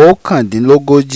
oókàndínlógójì